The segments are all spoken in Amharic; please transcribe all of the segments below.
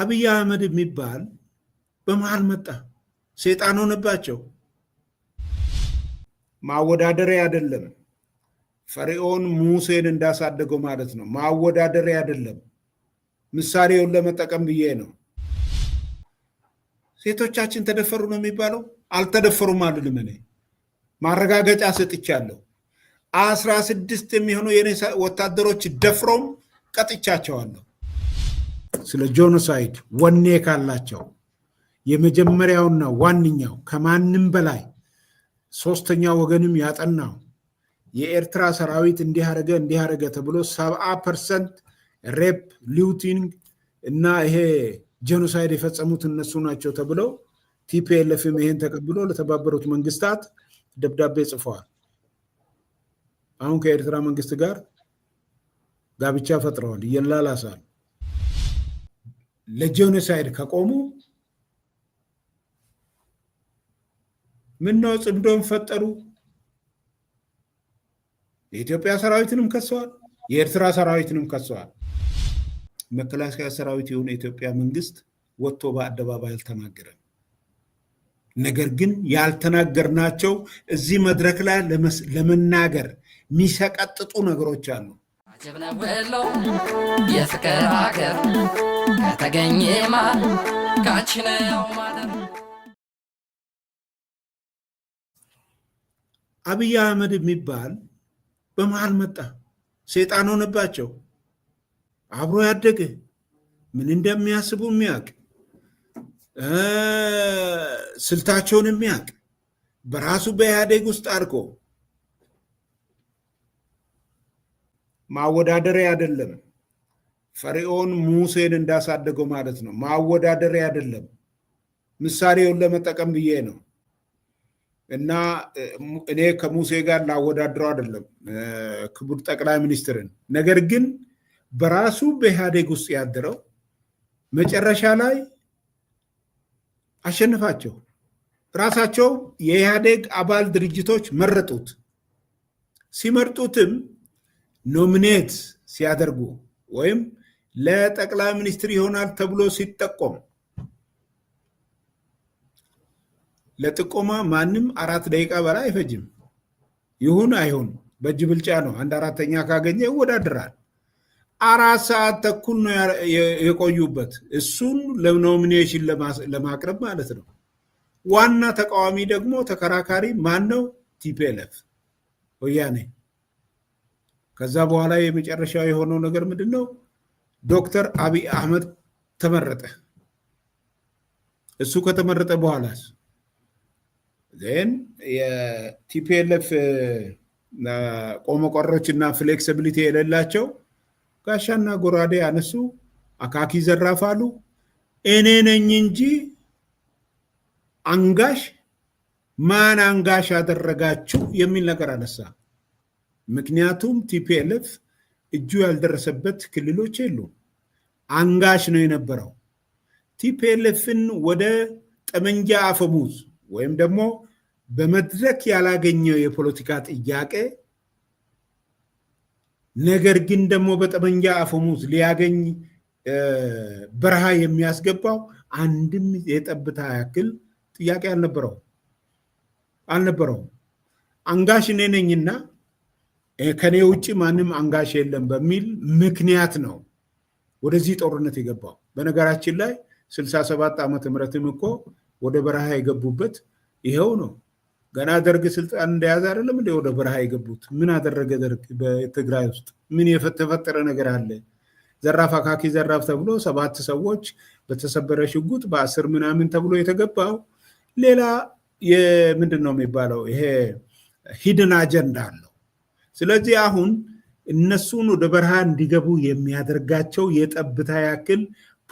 አብይ አህመድ የሚባል በመሀል መጣ። ሴጣን ሆነባቸው። ማወዳደሪያ አይደለም። ፈርዖን ሙሴን እንዳሳደገው ማለት ነው። ማወዳደሪያ አይደለም። ምሳሌውን ለመጠቀም ብዬ ነው። ሴቶቻችን ተደፈሩ ነው የሚባለው። አልተደፈሩም አልልም። እኔ ማረጋገጫ ሰጥቻለሁ። አስራ ስድስት የሚሆኑ የኔ ወታደሮች ደፍሮም ቀጥቻቸዋለሁ። ስለ ጆኖሳይድ ወኔ ካላቸው የመጀመሪያውና ዋነኛው ከማንም በላይ ሶስተኛ ወገንም ያጠናው የኤርትራ ሰራዊት እንዲህ እንዲያደረገ ተብሎ ሰብአ ፐርሰንት ሬፕ ሊውቲንግ እና ይሄ ጄኖሳይድ የፈጸሙት እነሱ ናቸው ተብለው ቲፒኤልኤፍም ይሄን ተቀብሎ ለተባበሩት መንግስታት ደብዳቤ ጽፈዋል። አሁን ከኤርትራ መንግስት ጋር ጋብቻ ፈጥረዋል፣ ይላላሳል። ለጄኖሳይድ ከቆሙ ምነው ጽምዶም ፈጠሩ። የኢትዮጵያ ሰራዊትንም ከሰዋል፣ የኤርትራ ሰራዊትንም ከሰዋል። መከላከያ ሰራዊት የሆነ የኢትዮጵያ መንግስት ወጥቶ በአደባባይ አልተናገረም። ነገር ግን ያልተናገርናቸው እዚህ መድረክ ላይ ለመናገር የሚሰቀጥጡ ነገሮች አሉ። አጀብነው ወሎ የፍቅር ሀገር ከተገኘማ ካንቺ ነው ማደር። አብይ አህመድ የሚባል በመሃል መጣ። ሴጣን ሆነባቸው። አብሮ ያደገ ምን እንደሚያስቡ የሚያውቅ ስልታቸውን የሚያውቅ በራሱ በኢህአዴግ ውስጥ አድርጎ ማወዳደሪያ አይደለም። ፈርዖን ሙሴን እንዳሳደገው ማለት ነው። ማወዳደሪያ አይደለም። ምሳሌውን ለመጠቀም ብዬ ነው። እና እኔ ከሙሴ ጋር ላወዳድረው አይደለም ክቡር ጠቅላይ ሚኒስትርን። ነገር ግን በራሱ በኢህአዴግ ውስጥ ያደረው መጨረሻ ላይ አሸንፋቸው ራሳቸው የኢህአዴግ አባል ድርጅቶች መረጡት። ሲመርጡትም ኖሚኔት ሲያደርጉ ወይም ለጠቅላይ ሚኒስትር ይሆናል ተብሎ ሲጠቆም ለጥቆማ ማንም አራት ደቂቃ በላይ አይፈጅም። ይሁን አይሁን በእጅ ብልጫ ነው። አንድ አራተኛ ካገኘ ይወዳደራል። አራት ሰዓት ተኩል ነው የቆዩበት፣ እሱን ለኖሚኔሽን ለማቅረብ ማለት ነው። ዋና ተቃዋሚ ደግሞ ተከራካሪ ማን ነው? ቲፒኤልኤፍ ወያኔ ከዛ በኋላ የመጨረሻ የሆነው ነገር ምንድን ነው? ዶክተር አብይ አህመድ ተመረጠ። እሱ ከተመረጠ በኋላ ዜን የቲፒኤልኤፍ ቆመቆሮች እና ፍሌክሲቢሊቲ የሌላቸው ጋሻና ጎራዴ አነሱ፣ አካኪ ዘራፍ አሉ። እኔ ነኝ እንጂ አንጋሽ ማን አንጋሽ አደረጋችሁ የሚል ነገር አነሳ። ምክንያቱም ቲፒኤልኤፍ እጁ ያልደረሰበት ክልሎች የሉም። አንጋሽ ነው የነበረው። ቲፒኤልኤፍን ወደ ጠመንጃ አፈሙዝ ወይም ደግሞ በመድረክ ያላገኘው የፖለቲካ ጥያቄ ነገር ግን ደግሞ በጠመንጃ አፈሙዝ ሊያገኝ በረሃ የሚያስገባው አንድም የጠብታ ያክል ጥያቄ አልነበረው አልነበረውም። አንጋሽ እኔ ነኝና ከኔ ውጭ ማንም አንጋሽ የለም በሚል ምክንያት ነው ወደዚህ ጦርነት የገባው። በነገራችን ላይ 67 ሰባት ዓመተ ምህረትም እኮ ወደ በረሃ የገቡበት ይኸው ነው። ገና ደርግ ስልጣን እንደያዘ አይደለም እንደ ወደ በረሃ የገቡት። ምን አደረገ ደርግ በትግራይ ውስጥ? ምን የተፈጠረ ነገር አለ? ዘራፍ አካኪ ዘራፍ ተብሎ ሰባት ሰዎች በተሰበረ ሽጉጥ በአስር ምናምን ተብሎ የተገባው ሌላ ምንድን ነው የሚባለው? ይሄ ሂድን አጀንዳ አለው ስለዚህ አሁን እነሱን ወደ በረሃ እንዲገቡ የሚያደርጋቸው የጠብታ ያክል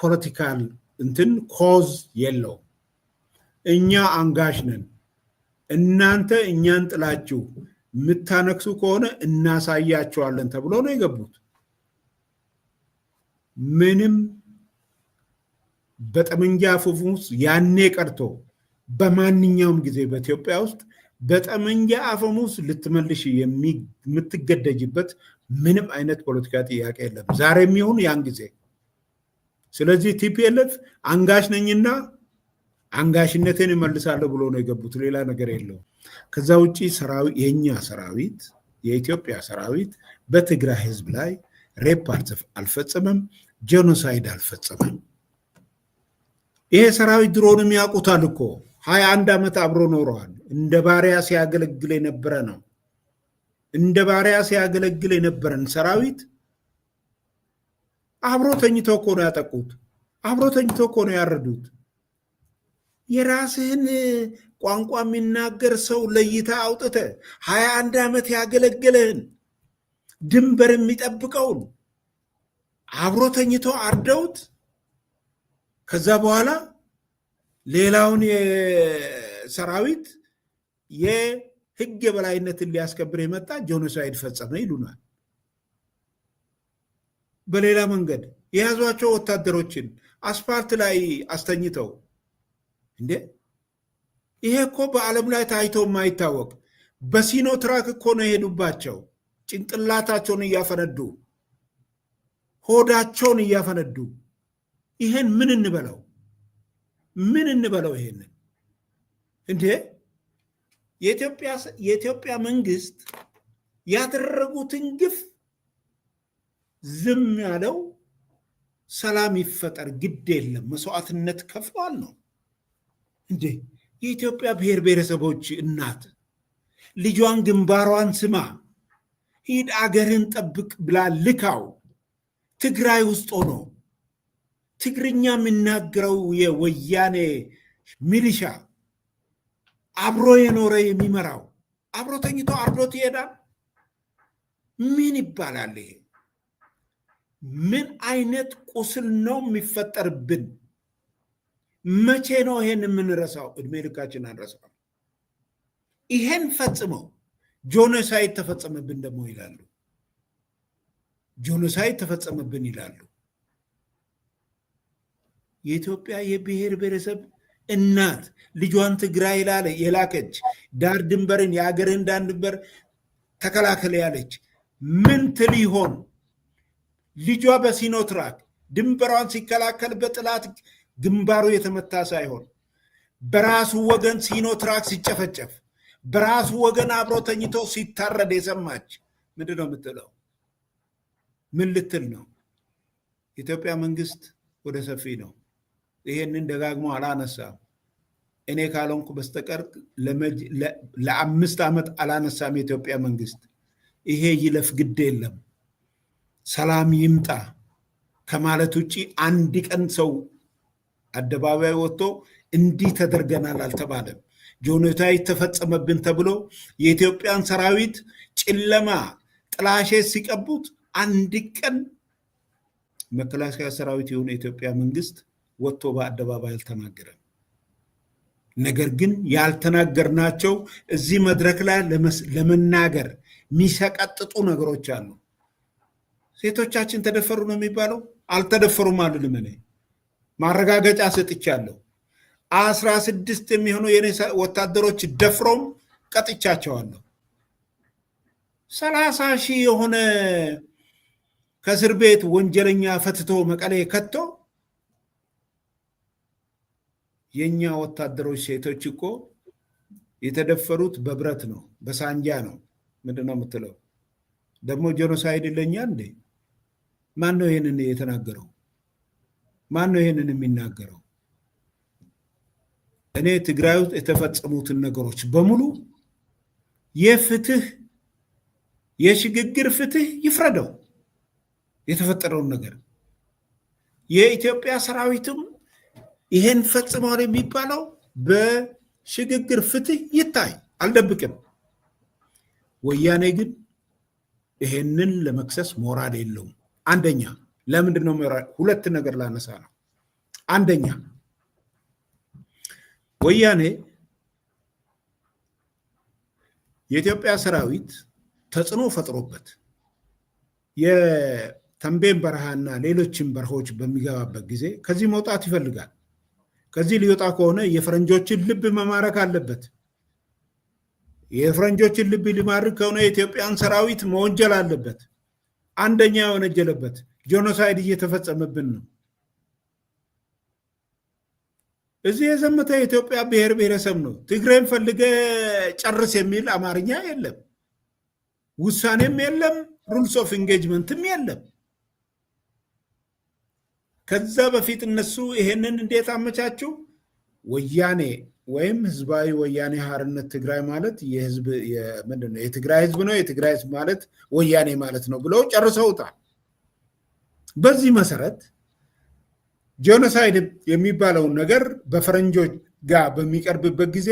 ፖለቲካል እንትን ኮዝ የለው እኛ አንጋሽ ነን። እናንተ እኛን ጥላችሁ የምታነክሱ ከሆነ እናሳያቸዋለን ተብሎ ነው የገቡት። ምንም በጠመንጃ ፉፉስ ያኔ ቀርቶ በማንኛውም ጊዜ በኢትዮጵያ ውስጥ በጠመንጃ አፈሙዝ ልትመልሽ የምትገደጅበት ምንም አይነት ፖለቲካ ጥያቄ የለም፣ ዛሬ የሚሆን ያን ጊዜ። ስለዚህ ቲፒኤልኤፍ አንጋሽ ነኝና አንጋሽነቴን እመልሳለሁ ብሎ ነው የገቡት። ሌላ ነገር የለውም። ከዛ ውጭ የእኛ ሰራዊት የኢትዮጵያ ሰራዊት በትግራይ ህዝብ ላይ ሬፕ አልፈጸመም፣ ጄኖሳይድ አልፈጸመም። ይሄ ሰራዊት ድሮንም ያውቁታል እኮ ሀያ አንድ ዓመት አብሮ ኖረዋል። እንደ ባሪያ ሲያገለግል የነበረ ነው። እንደ ባሪያ ሲያገለግል የነበረን ሰራዊት አብሮ ተኝቶ እኮ ነው ያጠቁት። አብሮ ተኝቶ እኮ ነው ያረዱት። የራስህን ቋንቋ የሚናገር ሰው ለይታ አውጥተ ሀያ አንድ ዓመት ያገለገለህን ድንበር የሚጠብቀውን አብሮ ተኝቶ አርደውት ከዛ በኋላ ሌላውን ሰራዊት የህግ የበላይነትን ሊያስከብር የመጣ ጄኖሳይድ ፈጸመ ይሉናል። በሌላ መንገድ የያዟቸው ወታደሮችን አስፓልት ላይ አስተኝተው እንዴ! ይሄ እኮ በዓለም ላይ ታይቶ የማይታወቅ በሲኖ ትራክ እኮ ነው የሄዱባቸው። ጭንቅላታቸውን እያፈነዱ ሆዳቸውን እያፈነዱ ይሄን ምን እንበለው? ምን እንበለው? ይሄንን እንዴ የኢትዮጵያ መንግስት ያደረጉትን ግፍ ዝም ያለው ሰላም ይፈጠር ግድ የለም መስዋዕትነት ከፍሏል ነው እንዴ? የኢትዮጵያ ብሔር ብሔረሰቦች እናት ልጇን ግንባሯን ስማ ሂድ አገርን ጠብቅ ብላ ልካው ትግራይ ውስጥ ሆኖ ትግርኛ የሚናገረው የወያኔ ሚሊሻ አብሮ የኖረ የሚመራው አብሮ ተኝቶ አርዶት ይሄዳል። ምን ይባላል? ይሄ ምን አይነት ቁስል ነው የሚፈጠርብን? መቼ ነው ይሄን የምንረሳው? እድሜ ልካችን አንረሳው። ይሄን ፈጽመው ጆኖሳይድ ተፈጸመብን ደግሞ ይላሉ። ጆኖሳይድ ተፈጸመብን ይላሉ። የኢትዮጵያ የብሔር ብሔረሰብ እናት ልጇን ትግራይ ላለ የላከች ዳር ድንበርን የሀገርን ዳር ድንበር ተከላከለ ያለች ምን ትል ይሆን? ልጇ በሲኖትራክ ድንበሯን ሲከላከል በጥላት ግንባሩ የተመታ ሳይሆን በራሱ ወገን ሲኖትራክ ሲጨፈጨፍ በራሱ ወገን አብሮ ተኝቶ ሲታረድ የሰማች ምንድን ነው የምትለው? ምን ልትል ነው? የኢትዮጵያ መንግስት ወደ ሰፊ ነው ይሄንን ደጋግሞ አላነሳም። እኔ ካልሆንኩ በስተቀር ለአምስት ዓመት አላነሳም። የኢትዮጵያ መንግስት ይሄ ይለፍ ግድ የለም ሰላም ይምጣ ከማለት ውጭ አንድ ቀን ሰው አደባባይ ወጥቶ እንዲህ ተደርገናል አልተባለም። ጆኖታይድ ተፈጸመብን ተብሎ የኢትዮጵያን ሰራዊት ጨለማ ጥላሸት ሲቀቡት አንድ ቀን መከላከያ ሰራዊት የሆነ የኢትዮጵያ መንግስት ወጥቶ በአደባባይ አልተናገረም። ነገር ግን ያልተናገርናቸው እዚህ መድረክ ላይ ለመናገር የሚሰቀጥጡ ነገሮች አሉ። ሴቶቻችን ተደፈሩ ነው የሚባለው፣ አልተደፈሩም አሉልም። እኔ ማረጋገጫ ሰጥቻለሁ። አስራ ስድስት የሚሆኑ የኔ ወታደሮች ደፍረውም ቀጥቻቸዋለሁ። ሰላሳ ሺህ የሆነ ከእስር ቤት ወንጀለኛ ፈትቶ መቀሌ ከቶ የእኛ ወታደሮች ሴቶች እኮ የተደፈሩት በብረት ነው፣ በሳንጃ ነው። ምንድን ነው የምትለው? ደግሞ ጆኖሳይድ ለኛ እንዴ? ማን ነው ይህንን የተናገረው? ማን ነው ይህንን የሚናገረው? እኔ ትግራይ ውስጥ የተፈጸሙትን ነገሮች በሙሉ የፍትህ የሽግግር ፍትህ ይፍረደው የተፈጠረውን ነገር የኢትዮጵያ ሰራዊትም ይሄን ፈጽመዋል የሚባለው በሽግግር ፍትህ ይታይ አልደብቅም። ወያኔ ግን ይሄንን ለመክሰስ ሞራል የለውም። አንደኛ ለምንድን ነው ሁለት ነገር ላነሳ ነው። አንደኛ ወያኔ የኢትዮጵያ ሰራዊት ተጽዕኖ ፈጥሮበት የተንቤን በረሃና ሌሎችን በረሃዎች በሚገባበት ጊዜ ከዚህ መውጣት ይፈልጋል። ከዚህ ሊወጣ ከሆነ የፈረንጆችን ልብ መማረክ አለበት። የፈረንጆችን ልብ ሊማርክ ከሆነ የኢትዮጵያን ሰራዊት መወንጀል አለበት። አንደኛ የወነጀለበት ጄኖሳይድ እየተፈጸመብን ነው። እዚህ የዘመተ የኢትዮጵያ ብሔር ብሔረሰብ ነው። ትግሬን ፈልገ ጨርስ የሚል አማርኛ የለም፣ ውሳኔም የለም፣ ሩልስ ኦፍ ኢንጌጅመንትም የለም። ከዛ በፊት እነሱ ይሄንን እንዴት አመቻችሁ? ወያኔ ወይም ህዝባዊ ወያኔ ሀርነት ትግራይ ማለት ምንድን ነው? የትግራይ ህዝብ ነው፣ የትግራይ ህዝብ ማለት ወያኔ ማለት ነው ብለው ጨርሰውታል። በዚህ መሰረት ጄኖሳይድ የሚባለውን ነገር በፈረንጆች ጋር በሚቀርብበት ጊዜ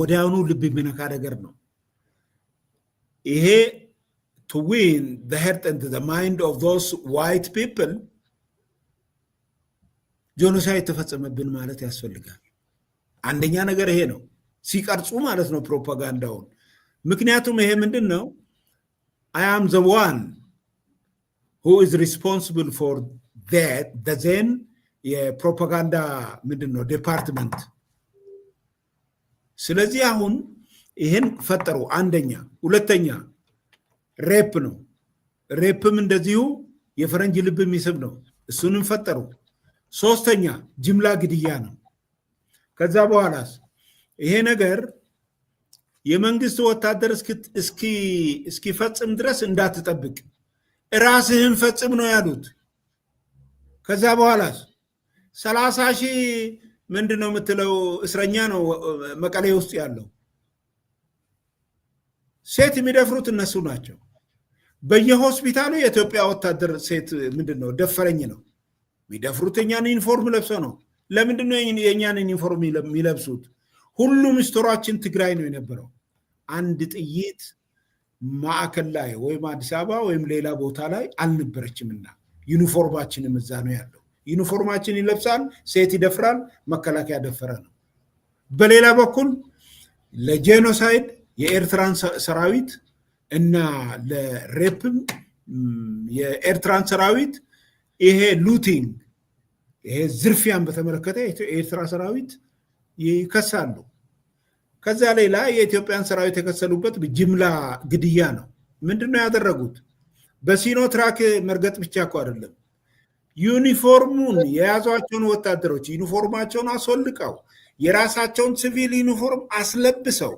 ወዲያውኑ ልብ የሚነካ ነገር ነው ይሄ ቱ ዊን ሄርት ማይንድ ኦፍ ዞስ ዋይት ፒፕል ጆኖሳይድ ተፈጸመብን ማለት ያስፈልጋል። አንደኛ ነገር ይሄ ነው፣ ሲቀርጹ ማለት ነው ፕሮፓጋንዳውን። ምክንያቱም ይሄ ምንድን ነው አያም ዘ ዋን ሁ ኢዝ ሪስፖንስብል ፎር ዘን የፕሮፓጋንዳ ምንድን ነው ዲፓርትመንት። ስለዚህ አሁን ይህን ፈጠሩ። አንደኛ። ሁለተኛ ሬፕ ነው። ሬፕም እንደዚሁ የፈረንጅ ልብ የሚስብ ነው። እሱንም ፈጠሩ። ሶስተኛ ጅምላ ግድያ ነው። ከዛ በኋላስ ይሄ ነገር የመንግስት ወታደር እስኪፈጽም ድረስ እንዳትጠብቅ እራስህን ፈጽም ነው ያሉት። ከዛ በኋላስ ሰላሳ ሺህ ምንድን ነው የምትለው እስረኛ ነው መቀሌ ውስጥ ያለው። ሴት የሚደፍሩት እነሱ ናቸው። በየሆስፒታሉ የኢትዮጵያ ወታደር ሴት ምንድን ነው ደፈረኝ ነው የሚደፍሩት የኛን ዩኒፎርም ለብሰው ነው። ለምንድነው የእኛን ዩኒፎርም የሚለብሱት? ሁሉም ስቶራችን ትግራይ ነው የነበረው። አንድ ጥይት ማዕከል ላይ ወይም አዲስ አበባ ወይም ሌላ ቦታ ላይ አልነበረችምና ዩኒፎርማችንም እዛ ነው ያለው። ዩኒፎርማችን ይለብሳል፣ ሴት ይደፍራል፣ መከላከያ ደፈረ ነው። በሌላ በኩል ለጄኖሳይድ የኤርትራን ሰራዊት እና ለሬፕም የኤርትራን ሰራዊት ይሄ ሉቲንግ ይሄ ዝርፊያን በተመለከተ የኤርትራ ሰራዊት ይከሳሉ። ከዛ ሌላ የኢትዮጵያን ሰራዊት የከሰሉበት ጅምላ ግድያ ነው። ምንድን ነው ያደረጉት? በሲኖ ትራክ መርገጥ ብቻ እኮ አይደለም። ዩኒፎርሙን የያዟቸውን ወታደሮች ዩኒፎርማቸውን አስወልቀው የራሳቸውን ሲቪል ዩኒፎርም አስለብሰው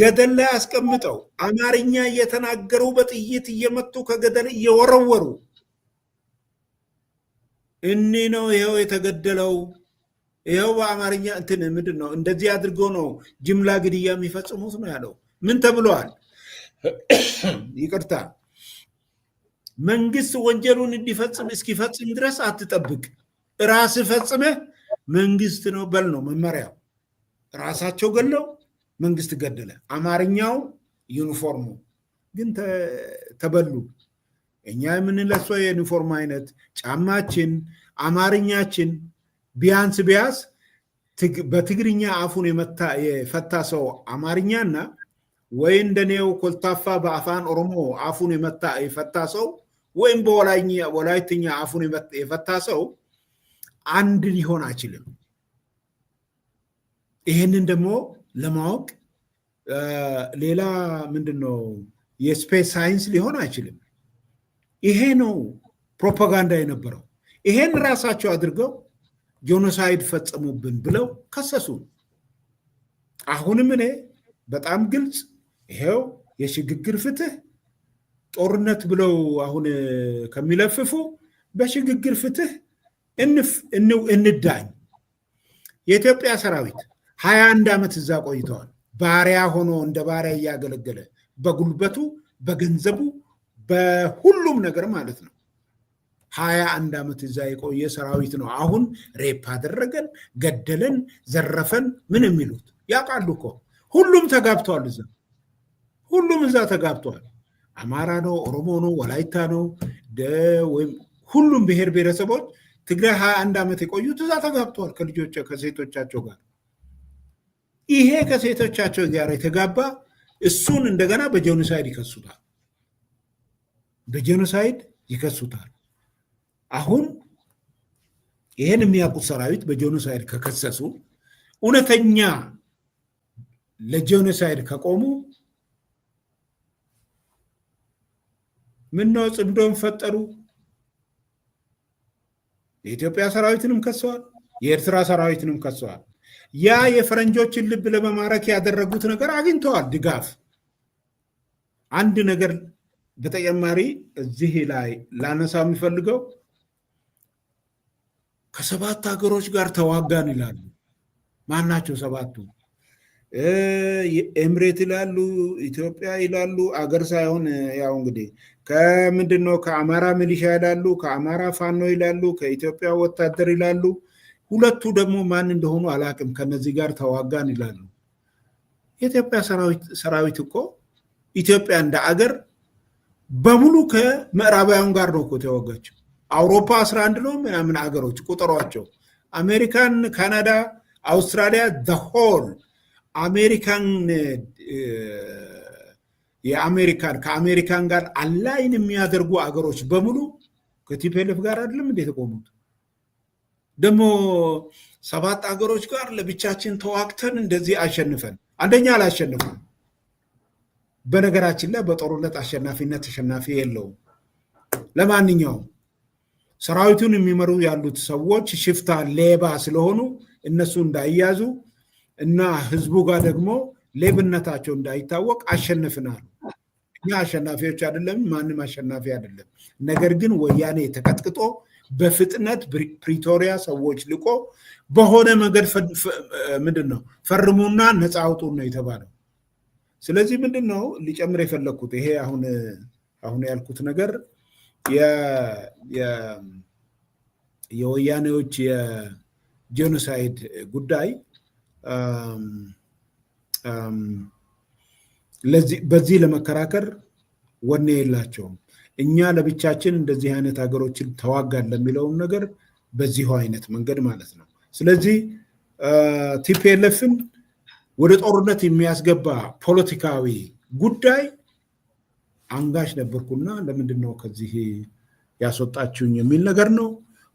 ገደል ላይ አስቀምጠው አማርኛ እየተናገሩ በጥይት እየመቱ ከገደል እየወረወሩ እኒ ነው ይኸው የተገደለው ይኸው በአማርኛ እንትን ምንድን ነው እንደዚህ አድርጎ ነው ጅምላ ግድያ የሚፈጽሙት ነው ያለው። ምን ተብለዋል? ይቅርታ መንግስት ወንጀሉን እንዲፈጽም እስኪፈጽም ድረስ አትጠብቅ፣ ራስ ፈጽመ መንግስት ነው በል ነው መመሪያው። ራሳቸው ገለው መንግስት ገደለ። አማርኛው ዩኒፎርሙ ግን ተበሉ። እኛ የምንለብሰው የዩኒፎርም አይነት፣ ጫማችን፣ አማርኛችን ቢያንስ ቢያስ በትግርኛ አፉን የፈታ ሰው አማርኛና ወይ እንደኔው ኮልታፋ በአፋን ኦሮሞ አፉን የፈታ ሰው ወይም በወላይትኛ አፉን የፈታ ሰው አንድ ሊሆን አይችልም። ይህንን ደግሞ ለማወቅ ሌላ ምንድን ነው የስፔስ ሳይንስ ሊሆን አይችልም። ይሄ ነው ፕሮፓጋንዳ የነበረው። ይሄን ራሳቸው አድርገው ጆኖሳይድ ፈጸሙብን ብለው ከሰሱን። አሁንም እኔ በጣም ግልጽ ይሄው የሽግግር ፍትህ ጦርነት ብለው አሁን ከሚለፍፉ በሽግግር ፍትህ እንዳኝ። የኢትዮጵያ ሰራዊት ሀያ አንድ ዓመት እዛ ቆይተዋል። ባሪያ ሆኖ እንደ ባሪያ እያገለገለ በጉልበቱ በገንዘቡ በሁሉም ነገር ማለት ነው። ሀያ አንድ ዓመት እዛ የቆየ ሰራዊት ነው። አሁን ሬፕ አደረገን፣ ገደለን፣ ዘረፈን ምን የሚሉት ያውቃሉ እኮ ሁሉም ተጋብተዋል። እዛ ሁሉም እዛ ተጋብተዋል። አማራ ነው፣ ኦሮሞ ነው፣ ወላይታ ነው፣ ወይም ሁሉም ብሔር ብሔረሰቦች ትግራይ ሀያ አንድ ዓመት የቆዩት እዛ ተጋብተዋል ከልጆች ከሴቶቻቸው ጋር። ይሄ ከሴቶቻቸው ጋር የተጋባ እሱን እንደገና በጄኖሳይድ ይከሱታል። በጄኖሳይድ ይከሱታል። አሁን ይህን የሚያውቁት ሰራዊት በጄኖሳይድ ከከሰሱ እውነተኛ ለጄኖሳይድ ከቆሙ ምነው ጽምዶን ፈጠሩ? የኢትዮጵያ ሰራዊትንም ከሰዋል፣ የኤርትራ ሰራዊትንም ከሰዋል። ያ የፈረንጆችን ልብ ለመማረክ ያደረጉት ነገር አግኝተዋል ድጋፍ አንድ ነገር በተጨማሪ እዚህ ላይ ላነሳው የሚፈልገው ከሰባት ሀገሮች ጋር ተዋጋን ይላሉ። ማናቸው ናቸው ሰባቱ? ኤምሬት ይላሉ፣ ኢትዮጵያ ይላሉ፣ አገር ሳይሆን ያው እንግዲህ ከምንድን ነው ከአማራ ሚሊሻ ይላሉ፣ ከአማራ ፋኖ ይላሉ፣ ከኢትዮጵያ ወታደር ይላሉ። ሁለቱ ደግሞ ማን እንደሆኑ አላቅም። ከነዚህ ጋር ተዋጋን ይላሉ። የኢትዮጵያ ሰራዊት እኮ ኢትዮጵያ እንደ አገር በሙሉ ከምዕራባውያን ጋር ነው እኮ ተወገችው። አውሮፓ 11 አንድ ነው ምናምን ሀገሮች ቁጥሯቸው አሜሪካን፣ ካናዳ፣ አውስትራሊያ ዘሆል አሜሪካን የአሜሪካን ከአሜሪካን ጋር አላይን የሚያደርጉ አገሮች በሙሉ ከቲፔልፍ ጋር አይደለም እንዴት የቆሙት? ደግሞ ሰባት አገሮች ጋር ለብቻችን ተዋግተን እንደዚህ አሸንፈን አንደኛ አላሸንፈን በነገራችን ላይ በጦርነት አሸናፊነት ተሸናፊ የለውም። ለማንኛውም ሰራዊቱን የሚመሩ ያሉት ሰዎች ሽፍታ፣ ሌባ ስለሆኑ እነሱ እንዳይያዙ እና ህዝቡ ጋር ደግሞ ሌብነታቸው እንዳይታወቅ አሸንፍናል። እኛ አሸናፊዎች አይደለም፣ ማንም አሸናፊ አይደለም። ነገር ግን ወያኔ ተቀጥቅጦ በፍጥነት ፕሪቶሪያ ሰዎች ልቆ በሆነ መንገድ ምንድን ነው ፈርሙና ነፃ አውጡን ነው የተባለው። ስለዚህ ምንድን ነው ሊጨምር የፈለግኩት ይሄ አሁን አሁን ያልኩት ነገር የወያኔዎች የጄኖሳይድ ጉዳይ በዚህ ለመከራከር ወኔ የላቸውም። እኛ ለብቻችን እንደዚህ አይነት ሀገሮችን ተዋጋን ለሚለውን ነገር በዚሁ አይነት መንገድ ማለት ነው። ስለዚህ ቲፒኤልኤፍን ወደ ጦርነት የሚያስገባ ፖለቲካዊ ጉዳይ አንጋሽ ነበርኩና ለምንድን ነው ከዚህ ያስወጣችሁኝ የሚል ነገር ነው።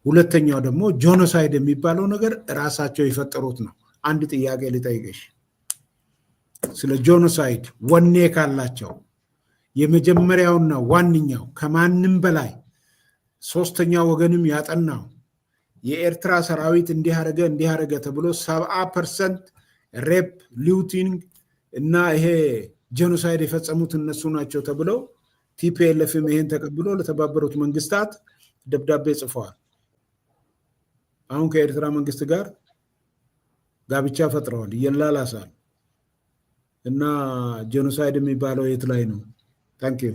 ሁለተኛው ደግሞ ጆኖሳይድ የሚባለው ነገር ራሳቸው የፈጠሩት ነው። አንድ ጥያቄ ልጠይቅሽ ስለ ጆኖሳይድ ወኔ ካላቸው የመጀመሪያውና ዋነኛው ከማንም በላይ ሶስተኛ ወገንም ያጠናው የኤርትራ ሰራዊት እንዲህ አረገ እንዲህ አረገ ተብሎ ሰብአ ፐርሰንት ሬፕ፣ ሊውቲንግ እና ይሄ ጄኖሳይድ የፈጸሙት እነሱ ናቸው ተብለው ቲፒኤልኤፍም ይሄን ተቀብሎ ለተባበሩት መንግስታት ደብዳቤ ጽፈዋል። አሁን ከኤርትራ መንግስት ጋር ጋብቻ ፈጥረዋል፣ ይላላሳል እና ጄኖሳይድ የሚባለው የት ላይ ነው? ታንኪዩ